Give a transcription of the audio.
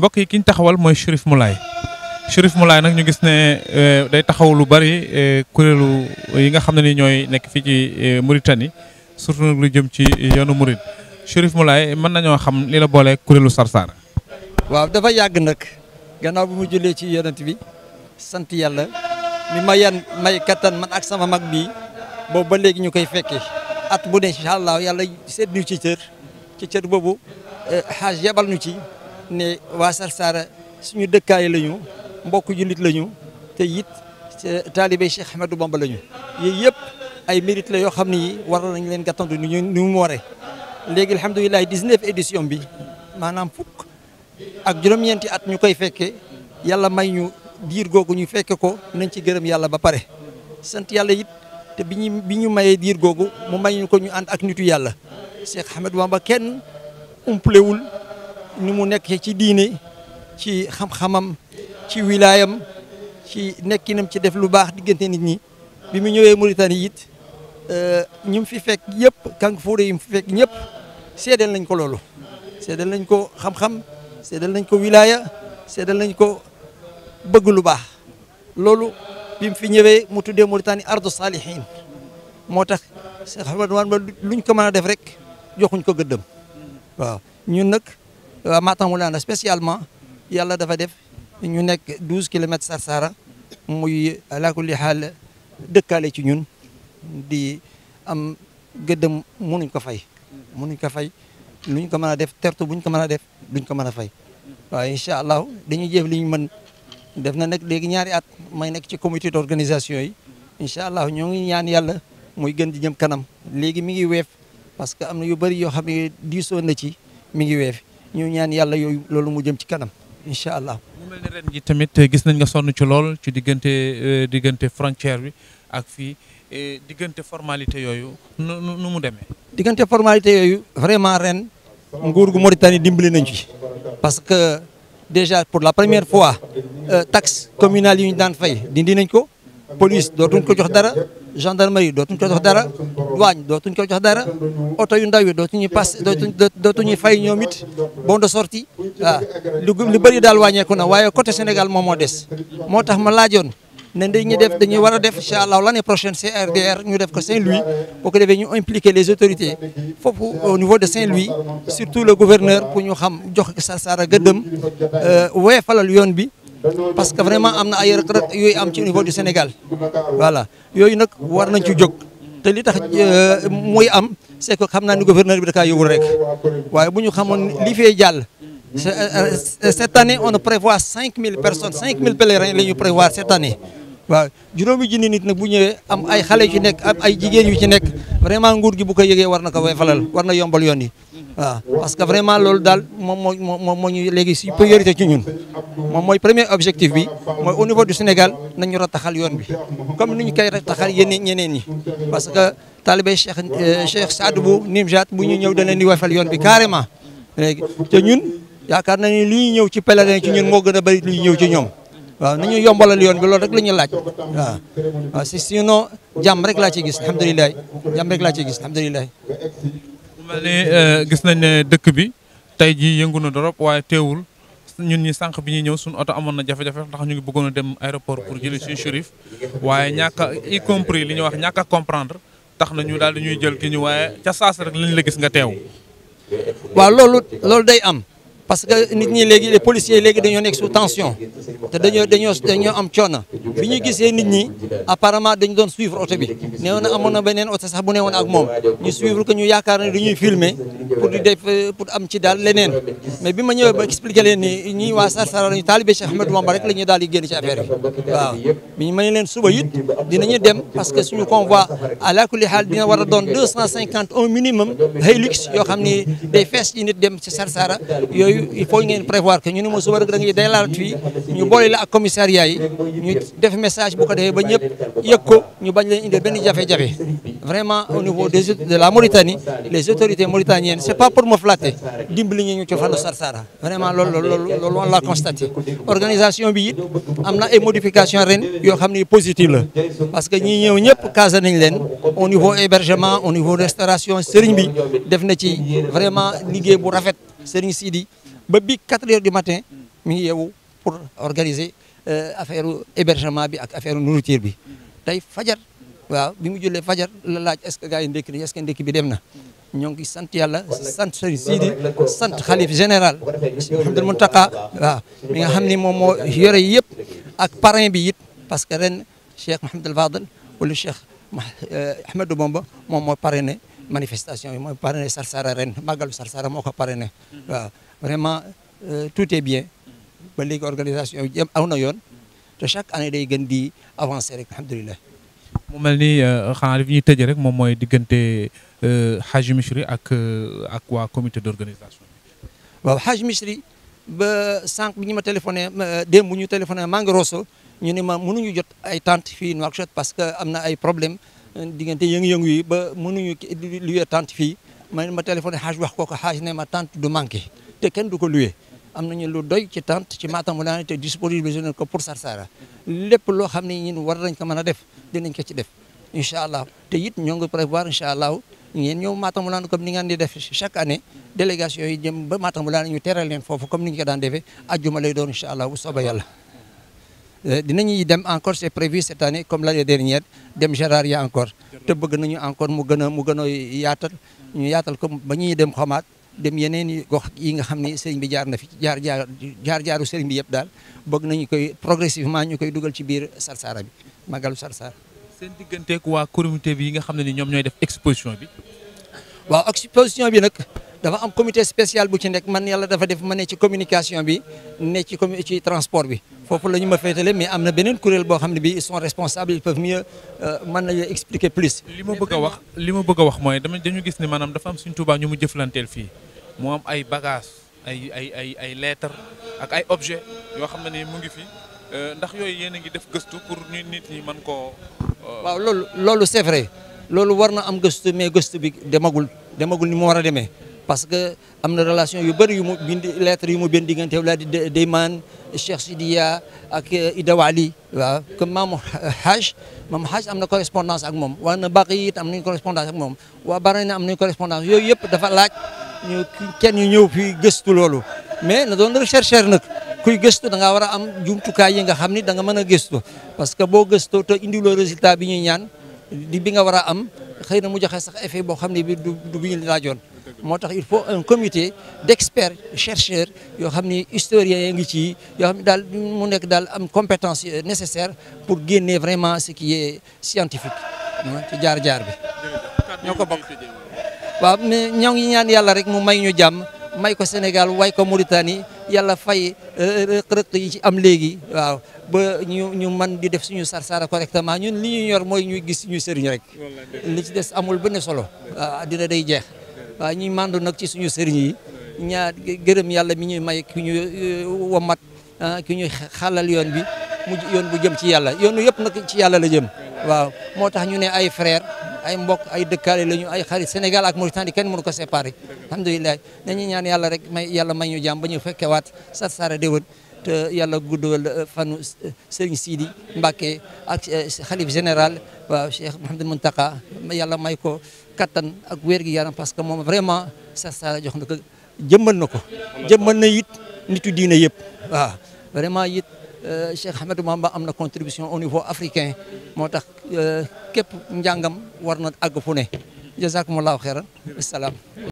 mbokk yi ki ñu taxawal mooy Chérif Moulay Chérif Moulay nag ñu gis ne euh, day taxaw lu bari euh, kuréelu yi nga xam ne ni ñooy nekk fii ci euh, Mauritanie surtout nag lu jëm ci yoonu Mouride Chérif Moulay mën nañoo xam li la boole kuréelu Sarsara. waaw dafa yàgg nag gannaaw bi mu jullee ci yonent bi sant yàlla mi ma may kattan man ak sama mag bii boobu ba léegi ñu koy fekkee at bu ne incha allah yàlla seet ñu ci cër ci cër boobu xaaj yebal ñu ci. ne waa Sarsara suñu dëkkaay lañu mbokk jullit lañu te it taalibe Cheikh Ahmadou Bamba lañu yooyu yëpp ay mérite la yoo xam ne yi war nañ leen gàttandu nu ñu nu mu waree léegi alhamdulilah 19 édition bi maanaam fukk ak juróom-ñeenti at ñu koy fekke yàlla may ñu diir googu ñu fekke ko nañ ci gërëm yàlla ba pare sant yàlla it te bi ñu bi ñu mayee diir googu mu may ñu ko ñu ànd ak nitu yàlla Cheikh Ahmadou Bamba kenn umpalewul ni mu nekk ci diine ci xam-xamam ci wilaayam ci nekkinam ci def lu baax diggante nit ñi bi mu ñëwee yit it euh, ñu fi fekk yëpp kànk fóore yi mu fi fekk ñëpp seedal nañ ko loolu seedal nañ ko xam-xam seedal nañ ko wilaaya seedal nañ ko bëgg lu baax loolu bi mu fi ñëwee mu tuddee Mauritanie ardu salihin moo tax xam nga luñ ko mën def rek joxuñ ko gëddëm ñun nag Euh, Matamulana spécialement yàlla dafa def ñu nekk douze kilomètres Sarsara muy ala kulli dëkkaale ci ñun di am gëndëm mënuñ ko fay. mënuñ ko fay luñ ko mën a def tertu buñu ko mën a def duñ ko mën a fay waaye incha allah dañuy jëf li mën def na nag léegi ñaari at may nekk ci comité d'organisation yi incha allah ñoo ngi ñaan yàlla muy gën di jëm kanam léegi mi ngi weef parce que am na yu bëri yoo xam ne diisoo na ci mi ngi weef. ñu ñaan yàlla yooyu loolu mu jëm ci kanam incha allah. mu mel ne ren ji tamit gis nañ nga sonn ci lool ci diggante euh, diggante frontière bi ak fii diggante formalité yooyu nu mu demee. diggante formalité yooyu vraiment ren nguur gu Mauritanie dimbali nañ ci parce que déjà pour la première fois euh, taxe communal yi ñu daan fay dindi nañ ko police dootuñ ko jox dara. gendarmerie dootuñ ko jox dara douane dootuñ ko jox dara oto yu ndaw yi dootuñu pass dootuñ dootuñu fay ñoom it bon de sortie waaw lu lu bëri daal wàññeeku na waaye côté Sénégal moom moo des moo tax ma laajoon ne dañuy def dañuy war a def incha allah l'année prochaine CRDR ñu def ko Saint-Louis boo ko defee ñu impliquer les autorités foofu au niveau de Saint-Louis surtout la gouverneur pour ñu xam jox ko sa saara gëddëm euh, wéyfalal yoon bi. parce que vraiment am na ay rëq-rëq yooyu am ci niveau du Sénégal voilà yooyu nag war nañ ci jóg te li tax euh, muy am c'est que xam naa ni gouverneur bi da kaa yóbbul rek waaye bu ñu xamoon li fee jàll. Euh, cette année on prévoit 5000 personnes 5000 pèlerins la ñu prévoir cette année. waaw juróomi junni nit nag bu ñëwee am ay xale yu ci nekk am ay jigéen yu ci nekk vraiment nguur gi bu ko yëgee war na ko way falal war na yombal yoon yi. waaw ah, parce que vraiment loolu daal moom moo moo moo ñu léegi suñu priorité ci ñun moom mooy premier objectif bi mooy au niveau du Sénégal nañu rataxal yoon bi comme ni ñu koy rataxal yeneen ñeneen ñi parce que talibé Cheikh euh, Cheikh Saad bu Nimjat bu ñu ñëw da di wafal yoon bi carrément léegi te ñun yaakaar nañu li ñuy ñëw ci pèlerin ci ñun moo gën a bëri li ñuy ñëw ci ñoom waaw nañu yombalal yoon bi loolu rek la ñu laaj waaw waaw si sinon jàmm rek laa ci gis alhamdulilah jàmm rek laa ci gis alhamdulilah mel ni eh, gis nañ ne dëkk bi tey jii yëngu na dorop waaye teewul ñun ñi sànq bi ñuy ñëw suñu oto amoon na jafe-jafe ndax ñu ngi bëggoon a dem aéroport pour jëli suñu Chérif waaye ñàkk a li ñu wax ñàkk a comprendre tax na ñu daal di ñuy jël ki ñu waaye ca saas rek lañ la gis nga teew. waa loolu loolu day am parce que nit ñi léegi les policiers léegi dañoo nekk sous tension te dañoo dañoo dañoo am coono bi ñu gisee nit ñi apparemment dañ doon suivre oto bi neewoon na amoon na beneen oto sax bu newoon ak moom ñu suivre que ñu yaakaar na dañuy filmer pour di def pour am ci daal leneen mais bi ma ñëwee ba expliqué leen ni ñi waa Sarsara lañu taalibe Cheikh Ahmadou Bamba rek la daal di génn ci affaire bi waaw biñu ma ne leen suba it dinañu dem parce que suñu convoi ala kulli cent cinquante un minimum Hilux yoo xam ni day fees ci nit dem yooyu il faut ngeen prévoir que ñu ne ma suba rek da ngay day laal fii ñu boole la ak commissariat yi ñu def message bu ko defee ba ñëpp yëg ko ñu bañ leen indil benn jafe-jafe vraiment au niveau de la Mauritanie les autorités mauritaniennes c'est pas pour me flatter dimbali ñu ñu ci Sarsara vraiment loolu loolu loolu on bi am na ay modification ren yoo xam ne positive parce que ñi ñëw ñëpp casé leen au niveau hébergement au niveau bu rafet ba bi 4 heures du matin hmm. mi ngi yeewu pour organiser euh, affaire hébergement bi ak affaire nourriture bi hmm. tey fajar hmm. waaw bi mu jullee fajar la laaj est-ce que gars yi ndékki nañ est bi dem na ñoo ngi sant yàlla sant Sëriñ sant xalif général Mouhamadou Mountakha mi nga xam ne moom moo yore yëpp ak parrain bi it parce que ren Cheikh Mouhamadou Fadel wala Cheikh euh, Ahmadou Bamba moom moo parrainé manifestation yi mooy parrainé Sarsara ren màggalu Sarsara moo ko parrainé waaw vraiment euh, tout est bien ba léegi organisation bi aw na yoon te chaque année day gën di avancer rek alhamdulilah. mu mel ni euh, xanaa li ñuy tëjee rek moom mooy diggante euh, Haji Misri ak ak waa comité d' organisation. waaw Haji Misri ba sànq bi ñu ma téléphoné démb bu ñu téléphoné maa ngi Rosso ñu ne ma mënuñu jot ay tentes fii Nouakchott parce que am na ay problème diggante yëngu-yëngu yi ba mënuñu luy tant fii man ma téléphoné Haji wax ko xaaj ne ma tente du manqué. te kenn du ko luye am nañu lu doy ci tente ci Matam mu daan te disponibiliser nañ ko pour Sarsara lépp loo xam ne ñun war nañ ko mën a def dinañ ko ci def incha allah te it ñoo prévoir incha allah ngeen ñëw Matamulane comme ni ngeen di def chaque année délégation yi jëm ba Matamulane ñu teral leen foofu comme ni ñu ko daan defee ajjuma lay doon incha allah bu soobee yàlla. Euh, dinañuy dem encore c'est prévu cette année comme l'année dernière dem Gérard ya encore te bëgg a mu gën a ñu yaatal dem yeneen i yi nga xam ne sëriñ bi jaar na fi jaar jaar jaar jaaru sëriñ bi yëpp daal bëgg nañu koy progressivement ñu koy dugal ci biir Sarsara bi màggalu Sarsara. seen digganteeg waa comité bi yi nga xam ne ni ñoom ñooy def exposition bi. waaw exposition bi nag. dafa am comité spécial bu ci nekk man yàlla dafa def ma ne ci communication bi ne ci com ci transport bi foofu la ñu ma féetale mais am na beneen kuréel boo xam ne bi ils sont responsables ils peuvent mieux euh, mën nañu wax li ma bëgg a wax mooy gis ne maanaam dafa am suñu Tuubaa fii. mu am ay bagaas ay ay ay ay lettres ak ay objets yoo xam ne ni mu ngi fi euh, ndax yooyu yéen a ngi def gëstu pour ñu nit ñi mën koo. Euh, waaw loolu loolu c'est loolu war na am gëstu mais gëstu bi demagul demagul ni mu war a demee parce que am na relation yu bëri yu mu bind lettres yu mu bind diggante wala di maan Cheikh Sidiya ak i Ida Wali waaw comme maamu Haj maamu Haj am na correspondance ak moom waa na bàq yi it am nañ correspondance ak moom waa Barayna am nañ correspondance yooyu yëpp dafa laaj. ñu kenn ñu ñëw fi gëstu loolu mais na doon rechercheur nag kuy gëstu da ngaa war a am jumtukaay yi nga xam ni da nga mën a gëstu parce que boo gëstoo to indiloo résultat bi ñuy ñaan di bi nga war a am xëy na mu joxe sax effet boo xam ne bi du du bi ñu moo tax il faut un comité d'experts chercheurs yoo xam ni historiens yi ngi ci yoo xam ne daal mu nekk daal am compétence nécessaire pour génne vraiment ce qui est scientifique ci jaar-jaar bi waaw ñoo ngi ñaan yàlla rek mu may ñu jàmm may ko Sénégal way ko Mauritanie yàlla fay euh, euh, rëq-rëq yi ci am léegi waaw ba ñu ñu man di def suñu sarsara correctement ñun li ñu ñor mooy ñuy gis suñu sëriñ rek li ci des amul benn solo waaw dina day jeex waaw ñuy màndu nag ci suñu sëriñ yi ñaar gërëm yàlla mi ñuy may ki ñu euh, womat ah, ki ñuy xalal yoon bi mu yoon bu jëm ci yàlla yoonu yëpp nag ci yàlla la jëm waaw moo tax ñu ne ay frère ay mbokk ay dëkkaale lañu ay xarit Sénégal ak Mauritanie kenn mënu ko séparé alhamdulilah dañuy ñaan yàlla rek may yàlla may ñu jàmm ba ñu fekkewaat sa sara déwén te yàlla guddal euh, fanu euh, Serigne Sidi Mbacké ak euh, xalif général waaw Cheikh Mouhamadou Mountakha yàlla may ko kattan ak wér gi yaram parce que moom vraiment sa sara jox na ko jëmmal na ko jëmmal na it nitu diine yëpp vraiment it Euh, Cheikh Ahmadou Bamba am na contribution au niveau africain moo tax euh, képp njàngam war na àgg fu ne jazakumullahu xeyran salaam